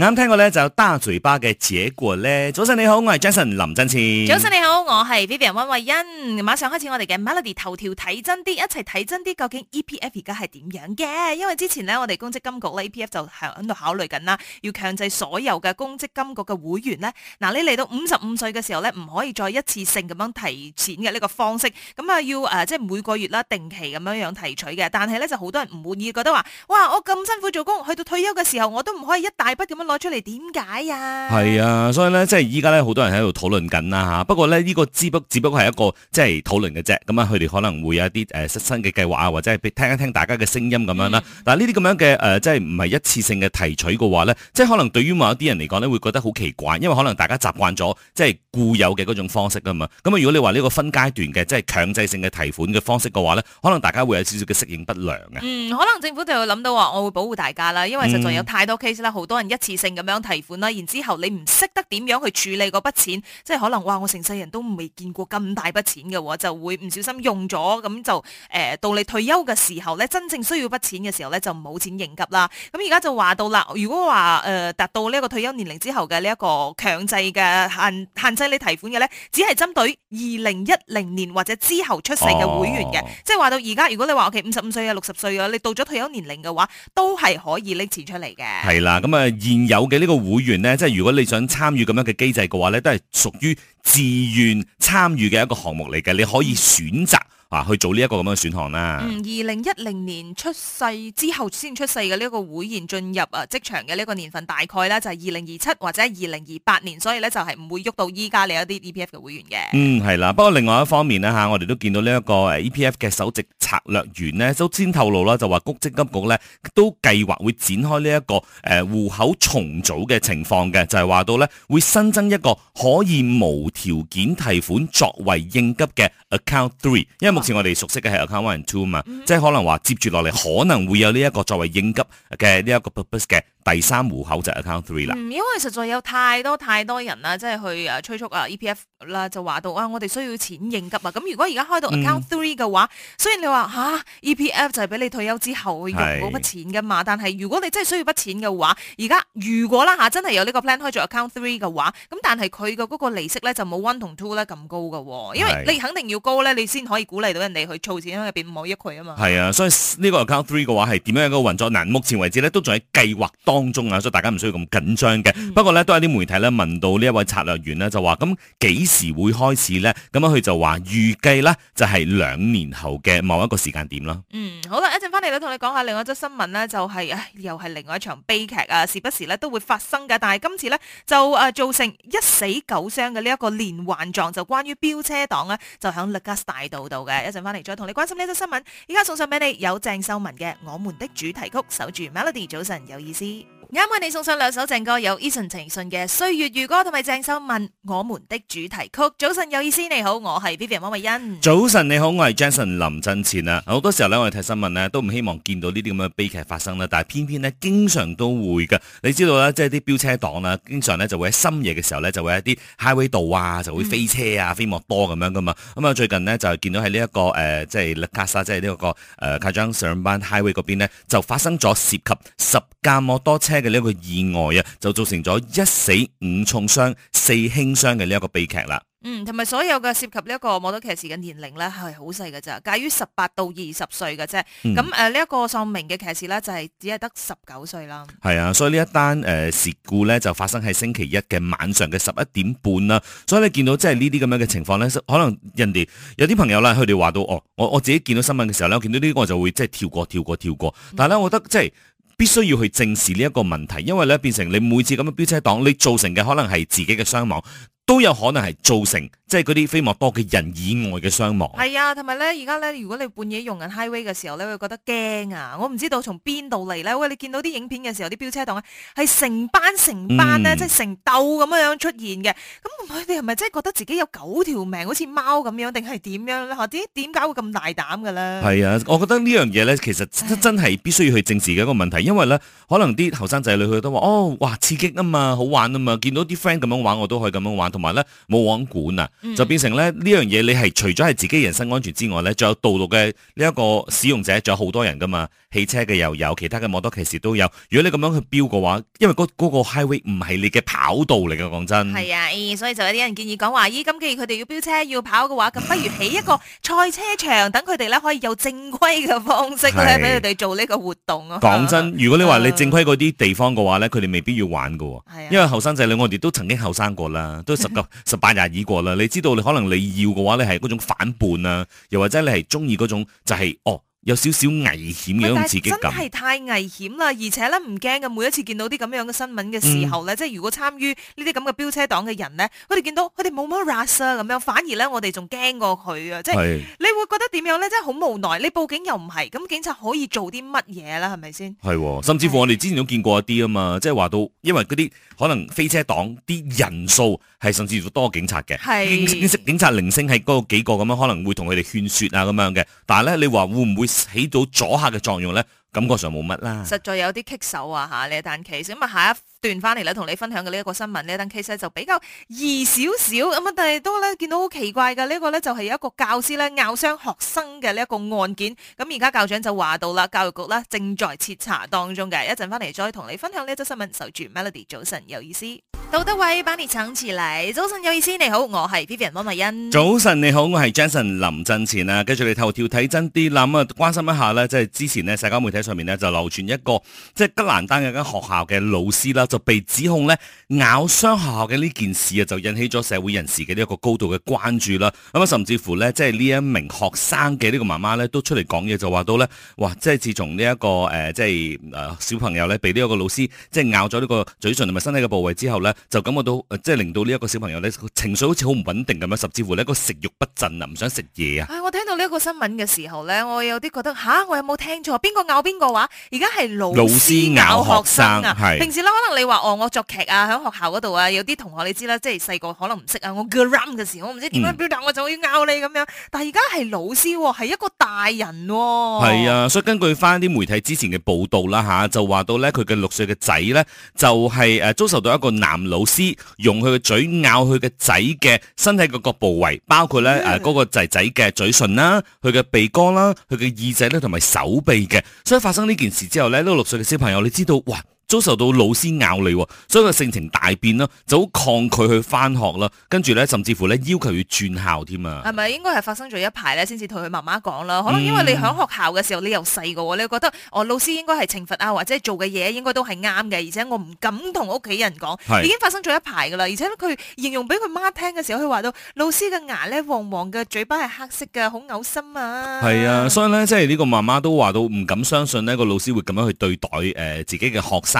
啱聽過咧，就有大嘴巴，嘅結果咧。早晨你好，我係 Jason 林振次，早晨你好，我係 Vivian 溫慧欣。馬上開始我哋嘅 Melody 頭條睇真啲，一齊睇真啲，究竟 EPF 而家係點樣嘅？因為之前呢，我哋公積金局 EPF 就喺度考慮緊啦，要強制所有嘅公積金局嘅會員呢，嗱、呃、你嚟到五十五歲嘅時候呢，唔可以再一次性咁樣提錢嘅呢個方式，咁啊要誒、呃、即係每個月啦定期咁樣樣提取嘅，但係呢，就好多人唔滿意，覺得話哇我咁辛苦做工，去到退休嘅時候我都唔可以一大筆咁樣。出嚟點解呀？係啊，所以咧，即係依家咧，好多人喺度討論緊啦嚇。不過咧，呢個只不只不過係一個即係討論嘅啫。咁啊，佢哋可能會有一啲誒新嘅計劃啊，或者係聽一聽大家嘅聲音咁樣啦。嗱、嗯，呢啲咁樣嘅誒，即係唔係一次性嘅提取嘅話咧，即係可能對於某一啲人嚟講咧，會覺得好奇怪，因為可能大家習慣咗即係。固有嘅嗰種方式啊嘛，咁啊如果你話呢個分階段嘅，即係強制性嘅提款嘅方式嘅話呢，可能大家會有少少嘅適應不良嘅。嗯，可能政府就會諗到話，我會保護大家啦，因為實在有太多 case 啦，好、嗯、多人一次性咁樣提款啦，然之後你唔識得點樣去處理嗰筆錢，即係可能哇，我成世人都未見過咁大筆錢嘅就會唔小心用咗，咁就、呃、到你退休嘅時候呢，真正需要筆錢嘅時候呢，就冇錢應急啦。咁而家就話到啦，如果話達、呃、到呢個退休年齡之後嘅呢一個強制嘅限限。限制即你提款嘅咧，只係針對二零一零年或者之後出世嘅會員嘅，哦、即係話到而家，如果你話我哋五十五歲啊、六十歲啊，你到咗退休年齡嘅話，都係可以拎錢出嚟嘅。係啦，咁啊現有嘅呢個會員咧，即係如果你想參與咁樣嘅機制嘅話咧，都係屬於自願參與嘅一個項目嚟嘅，你可以選擇。啊，去做呢一個咁樣嘅選項啦。嗯，二零一零年出世之後先出世嘅呢一個會員進入啊職場嘅呢個年份大概呢就係二零二七或者二零二八年，所以呢，就係唔會喐到依家你一啲 E P F 嘅會員嘅。嗯，係啦。不過另外一方面呢，吓、啊，我哋都見到呢一個誒 E P F 嘅首席策略員呢，首先透露啦，就話公積金局呢都計劃會展開呢一個誒戶口重組嘅情況嘅，就係、是、話到呢會新增一個可以無條件提款作為應急嘅 Account Three，因為好似我哋熟悉嘅係 account one and two 啊嘛，嗯、哼即係可能話接住落嚟可能會有呢一個作為應急嘅呢一個 purpose 嘅第三戶口就 account three 啦。嗯，因為實在有太多太多人啦，即係去誒催促啊 EPF。啦就話到啊，我哋需要錢應急啊！咁如果而家開到 account three 嘅話，嗯、雖然你話吓、啊、E P F 就係俾你退休之後用嗰筆錢㗎嘛，是但係如果你真係需要筆錢嘅話，而家如果啦吓、啊、真係有呢個 plan 開咗 account three 嘅話，咁但係佢嘅嗰個利息咧就冇 one 同 two 咧咁高㗎喎，因為你肯定要高咧，你先可以鼓勵到人哋去儲錢喺入邊，唔好益佢啊嘛。係啊，所以呢個 account three 嘅話係點樣一個運作？嗱，目前為止咧都仲喺計劃當中啊，所以大家唔需要咁緊張嘅。嗯、不過咧都係啲媒體咧問到呢一位策略員咧就話咁幾時會開始呢，咁樣佢就話預計呢，就係兩年後嘅某一個時間點啦。嗯，好啦，一陣翻嚟咧同你講下另外一則新聞呢、就是，就係又係另外一場悲劇啊，時不時咧都會發生嘅，但係今次呢，就誒造成一死九傷嘅呢一個連環撞，就關於飆車黨啊，就響樂嘉大道度嘅。一陣翻嚟再同你關心呢則新聞。而家送上俾你有鄭秀文嘅我們的主題曲《守住 Melody》，早晨有意思。啱啱為你送上兩首鄭歌，有 Eason 情信嘅《歲月如歌》同埋鄭秀文我們的主題曲。早晨有意思，你好，我係 Vivian 汪慧欣。早晨你好，我係 Jason 林振前啦。好多時候呢，我哋睇新聞呢都唔希望見到呢啲咁嘅悲劇發生啦，但係偏偏呢，經常都會㗎。你知道啦，即係啲飆車黨啦，經常呢就會喺深夜嘅時候呢，就會喺啲 highway 度啊，就會飛車啊，嗯、飛莫多咁樣噶嘛。咁、嗯、啊，最近呢，就見到喺呢一個誒，即係勒卡沙，即係呢個誒，Kajang Seremban highway 嗰邊呢，就發生咗涉及十。駕摩托車嘅呢一個意外啊，就造成咗一死五重傷、四輕傷嘅呢一個悲劇啦。嗯，同埋所有嘅涉及呢一個摩托騎士嘅年齡咧，係好細嘅咋。介於十八到二十歲嘅啫。咁誒、嗯，呢一個喪命嘅騎士咧，就係、是、只係得十九歲啦。係啊，所以呢一單誒、呃、事故咧，就發生喺星期一嘅晚上嘅十一點半啦。所以你見到即係呢啲咁樣嘅情況咧，可能人哋有啲朋友啦，佢哋話到哦，我我自己見到新聞嘅時候咧，我見到呢個就會即係跳過跳過跳過。但係咧，我覺得即係。就是必須要去正視呢一個問題，因為咧變成你每次咁樣飆車黨，你造成嘅可能係自己嘅傷亡。都有可能係造成即係嗰啲飛莫多嘅人以外嘅傷亡。係啊，同埋咧，而家咧，如果你半夜用緊 highway 嘅時候你會覺得驚啊！我唔知道從邊度嚟咧。喂，你見到啲影片嘅時候，啲飆車黨咧係成班成班咧，嗯、即係成竇咁樣樣出現嘅。咁佢哋係咪真係覺得自己有九條命，好似貓咁樣，定係點樣咧？嚇，點解會咁大膽嘅咧？係啊，我覺得這件事呢樣嘢咧，其實真係必須要去正視嘅一個問題，唉因為咧，可能啲後生仔女去都話：哦，哇，刺激啊嘛，好玩啊嘛！見到啲 friend 咁樣玩，我都可以咁樣玩。同埋咧，冇王管啊，就變成咧呢樣嘢，這個、你係除咗係自己人身安全之外咧，仲有道路嘅呢一個使用者，仲有好多人噶嘛，汽車嘅又有，其他嘅摩托騎士都有。如果你咁樣去飆嘅話，因為嗰個 highway 唔係你嘅跑道嚟噶，講真。係啊、呃，所以就有啲人建議講話，咦，咁既然佢哋要飆車要跑嘅話，咁不如起一個賽車場，等佢哋咧可以有正規嘅方式俾佢哋做呢個活動咯。講真，如果你話你正規嗰啲地方嘅話咧，佢哋未必要玩㗎喎，啊、因為後生仔女我哋都曾經後生過啦，十個 十八日已過啦，你知道你可能你要嘅話你係嗰種反叛啊，又或者你係鍾意嗰種就係、是、哦有少少危險嘅咁刺激感。真係太危險啦，而且咧唔驚嘅。每一次見到啲咁樣嘅新聞嘅時候咧，嗯、即係如果參與呢啲咁嘅飆車黨嘅人咧，佢哋見到佢哋冇乜 rush 啊咁樣，反而咧我哋仲驚過佢啊！即係你。覺得點樣咧？真係好無奈，你報警又唔係，咁警察可以做啲乜嘢啦？係咪先？係， 甚至乎我哋之前都見過一啲啊嘛，即係話到，因為嗰啲可能飛車黨啲人數係甚至乎多警察嘅，係，警察鈴聲係嗰幾個咁樣可能會同佢哋勸說啊咁樣嘅，但係咧你話會唔會起到阻嚇嘅作用咧？感覺上冇乜啦，實在有啲棘手啊吓，你。但其實咁啊，下一段翻嚟同你分享嘅呢一個新聞呢一單 case 咧就比較易少少咁啊，但係都咧見到好奇怪嘅，呢個咧就係有一個教師咧咬傷學生嘅呢一個案件。咁而家校長就話到啦，教育局咧正在徹查當中嘅，一陣翻嚟再同你分享呢則新聞。守住 Melody，早晨，有意思。杜德偉把你請起嚟，早晨有意思，你好，我係 Vivian a 欣。早晨你好，我係 Jason 林振前啊。跟住你頭條睇真啲諗啊，關心一下咧，即係之前呢，社交媒體上面呢，就流傳一個即係吉蘭丹嘅一間學校嘅老師啦，就被指控咧咬傷學校嘅呢件事啊，就引起咗社會人士嘅呢一個高度嘅關注啦。咁啊，甚至乎咧，即係呢一名學生嘅呢個媽媽咧都出嚟講嘢，就話到咧，哇，即係自從呢一個誒、呃，即係誒小朋友咧被呢一個老師即係咬咗呢個嘴唇同埋身體嘅部位之後咧。就感覺到，即係令到呢一個小朋友咧情緒好似好唔穩定咁樣，甚至乎咧個食欲不振啊，唔想食嘢啊。我聽到呢一個新聞嘅時候咧，我有啲覺得吓，我有冇聽錯，邊個咬邊個話，而家係老師咬學生啊？係。平時咧，可能你話哦，我作劇啊，響學校嗰度啊，有啲同學你知啦，即係細個可能唔識啊，我 groom 嘅時候，我唔知點樣表達、嗯、我就要咬你咁樣，但係而家係老師係、啊、一個大人係啊，啊，所以根據翻啲媒體之前嘅報道啦吓，就話到咧佢嘅六歲嘅仔咧就係誒遭受到一個男。老師用佢嘅嘴咬佢嘅仔嘅身體各個部位，包括咧誒嗰個仔仔嘅嘴唇啦、佢嘅鼻哥啦、佢嘅耳仔咧同埋手臂嘅。所以發生呢件事之後咧，呢個六歲嘅小朋友，你知道哇？遭受到老師咬你，所以佢性情大變啦，就好抗拒佢去翻學啦。跟住咧，甚至乎咧要求要轉校添啊！係咪應該係發生咗一排咧，先至同佢媽媽講啦？可能因為你喺學校嘅時、嗯、時候，你又細個，你覺得哦老師應該係懲罰啊，或者做嘅嘢應該都係啱嘅，而且我唔敢同屋企人講。已經發生咗一排噶啦，而且佢形容俾佢媽聽嘅時候，佢話到老師嘅牙咧黃黃嘅，嘴巴係黑色嘅，好噁心啊！係啊，所以咧即係呢個媽媽都話到唔敢相信呢個老師會咁樣去對待誒、呃、自己嘅學生。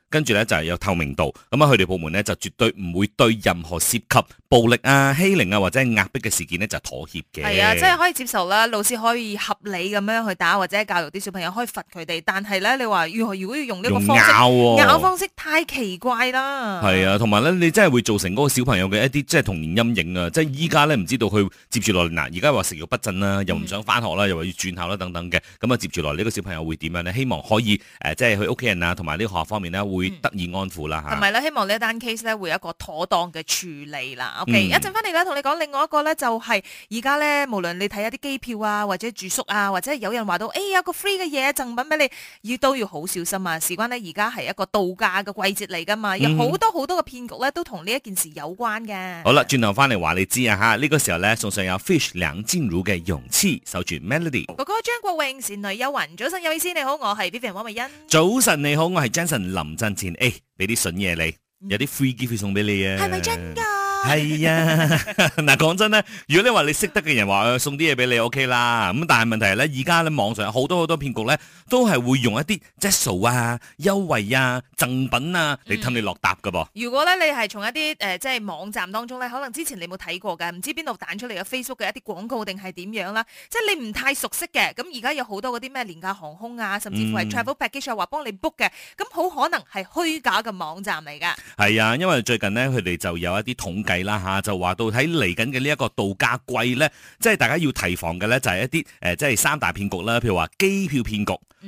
跟住咧就係有透明度，咁啊佢哋部門咧就絕對唔會對任何涉及暴力啊、欺凌啊或者係壓迫嘅事件呢，就妥協嘅。係啊，即係可以接受啦，老師可以合理咁樣去打或者教育啲小朋友，可以罰佢哋。但係咧，你話如何如果要用呢個方式咬哦，咬方式太奇怪啦。係啊，同埋咧，你真係會造成嗰個小朋友嘅一啲即係童年陰影啊！即係依家咧唔知道佢接住落嚟。嗱，而家話食慾不振啦，又唔想翻學啦，嗯、又話要轉校啦等等嘅，咁啊接住落呢個小朋友會點樣呢？希望可以即係佢屋企人啊同埋呢個學校方面咧會會得以安撫啦嚇，同埋咧希望呢一單 case 咧會有一個妥當嘅處理啦。OK，一陣翻嚟咧同你講，另外一個咧就係而家咧，無論你睇下啲機票啊，或者住宿啊，或者有人話到，哎有個 free 嘅嘢贈品俾你，要都要好小心啊！事關呢，而家係一個度假嘅季節嚟噶嘛，有好多好、嗯、多嘅騙局咧都同呢一件事有關嘅。好啦，轉頭翻嚟話你知啊嚇，呢、這個時候咧送上有 Fish 梁靜茹嘅《勇氣》守住 Melody。哥哥張國榮、倩女幽魂，早晨有意思你好，我係 Vivian 汪慧欣。早晨你好，我係 Jason 林振。誒，俾啲筍嘢你，有啲 free gift 送俾你啊！係咪真噶？係 啊，嗱講真咧，如果你話你識得嘅人話送啲嘢俾你，OK 啦。咁但係問題係咧，而家喺網上好多好多騙局咧，都係會用一啲 discount 啊、優惠啊、贈品啊嚟氹、嗯、你落搭噶噃。如果咧你係從一啲誒即係網站當中咧，可能之前你冇睇過嘅，唔知邊度彈出嚟嘅 Facebook 嘅一啲廣告定係點樣啦，即係你唔太熟悉嘅。咁而家有好多嗰啲咩廉價航空啊，甚至乎係 travel package 又話幫你 book 嘅，咁好可能係虛假嘅網站嚟噶。係啊，因為最近呢，佢哋就有一啲統計。係啦，吓，就話到喺嚟緊嘅呢一個度假季咧，即係大家要提防嘅咧，就係一啲誒，即係三大騙局啦，譬如話機票騙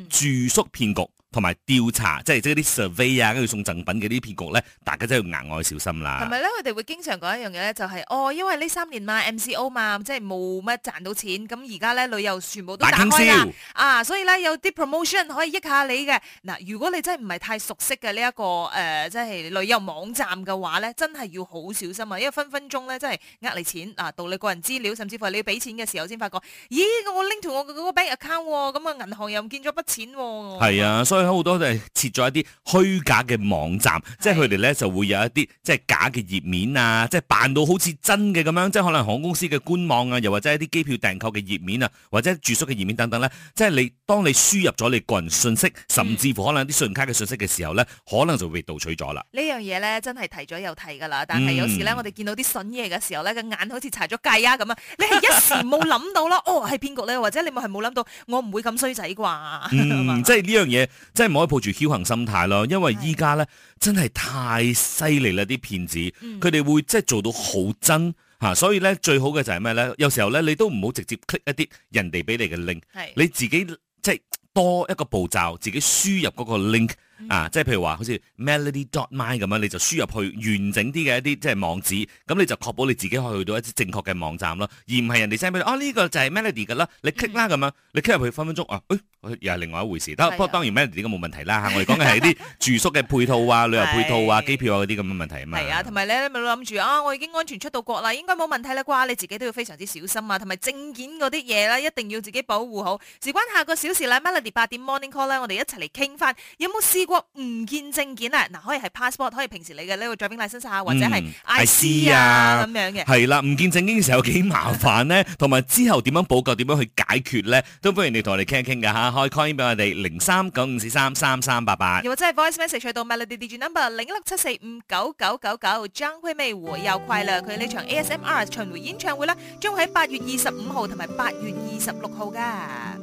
局、住宿騙局。同埋調查，即係即係啲 survey 啊，跟住送贈品嘅啲騙局咧，大家真係要額外小心啦。同埋咧，佢哋會經常講一樣嘢咧、就係，就係哦，因為呢三年嘛 MCO 嘛，即係冇乜賺到錢，咁而家咧旅遊全部都打開啦，開啊，所以咧有啲 promotion 可以益下你嘅。嗱、啊，如果你真係唔係太熟悉嘅呢一個即係、呃就係、旅遊網站嘅話咧，真係要好小心啊，因為分分鐘咧真係呃你錢啊，到你個人資料，甚至乎你俾錢嘅時候先發覺，咦，我拎同我嗰個 bank account 咁、嗯、啊，銀行又唔見咗筆錢喎、啊。係啊，所以。好多就係設咗一啲虛假嘅網站，是即係佢哋咧就會有一啲即係假嘅頁面啊，即係扮到好似真嘅咁樣，即係可能航空公司嘅官網啊，又或者一啲機票訂購嘅頁面啊，或者住宿嘅頁面等等咧，即係你當你輸入咗你個人信息，甚至乎可能一啲信用卡嘅信息嘅時候咧，可能就被盜取咗啦。呢樣嘢咧，真係提咗又提㗎啦，但係有時咧、嗯、我哋見到啲筍嘢嘅時候咧，個眼好似查咗計啊咁啊，你係一時冇諗到咯， 哦係騙局咧，或者你冇係冇諗到我不，我唔會咁衰仔啩。嗎即係呢樣嘢。即係唔可以抱住僥幸心態咯，因為依家咧真係太犀利啦啲騙子，佢哋、嗯、會即係做到好真嚇、啊，所以咧最好嘅就係咩咧？有時候咧你都唔好直接 click 一啲人哋俾你嘅 link，< 是的 S 1> 你自己即係多一個步驟，自己輸入嗰個 link 啊，即係譬如話好似 Melody dot my 咁樣，你就輸入去完整啲嘅一啲即係網址，咁你就確保你自己可以去到一啲正確嘅網站咯，而唔係人哋 send 俾你。哦，呢、呢個就係 Melody 噶啦，你 click 啦咁樣，你 click 入去分分鐘啊，誒、哎，又係另外一回事。得不過的當然 Melody 應該冇問題啦吓，我哋講嘅係一啲住宿嘅配套啊、 旅遊配套啊、機的票啊啲咁嘅問題啊嘛。係啊，同埋你咪諗住啊，我已經安全出到國啦，應該冇問題啦啩？你自己都要非常之小心啊，同埋證件嗰啲嘢啦一定要自己保護好。事關下個小時啦，Melody 八點 morning call 咧，我哋一齊嚟傾翻，有冇試過？唔見證件啦，嗱，可以係 passport，可以平時你嘅呢個在邊帶身曬，或者係 IC 啊咁、嗯、樣嘅。係啦，唔見證件嘅時候幾麻煩呢？同埋 之後點樣補救，點樣去解決咧，都歡迎你同我哋傾一傾㗎嚇，可以 call in 俾我哋零三九五四三三三八八。又或者係 voice message 去到咪，Melody d i number 零一六七四五九九九九。99 99, 張惠妹回又快啦，佢呢場 ASMR 巡回演唱會咧，將會喺八月二十五號同埋八月二十六號㗎。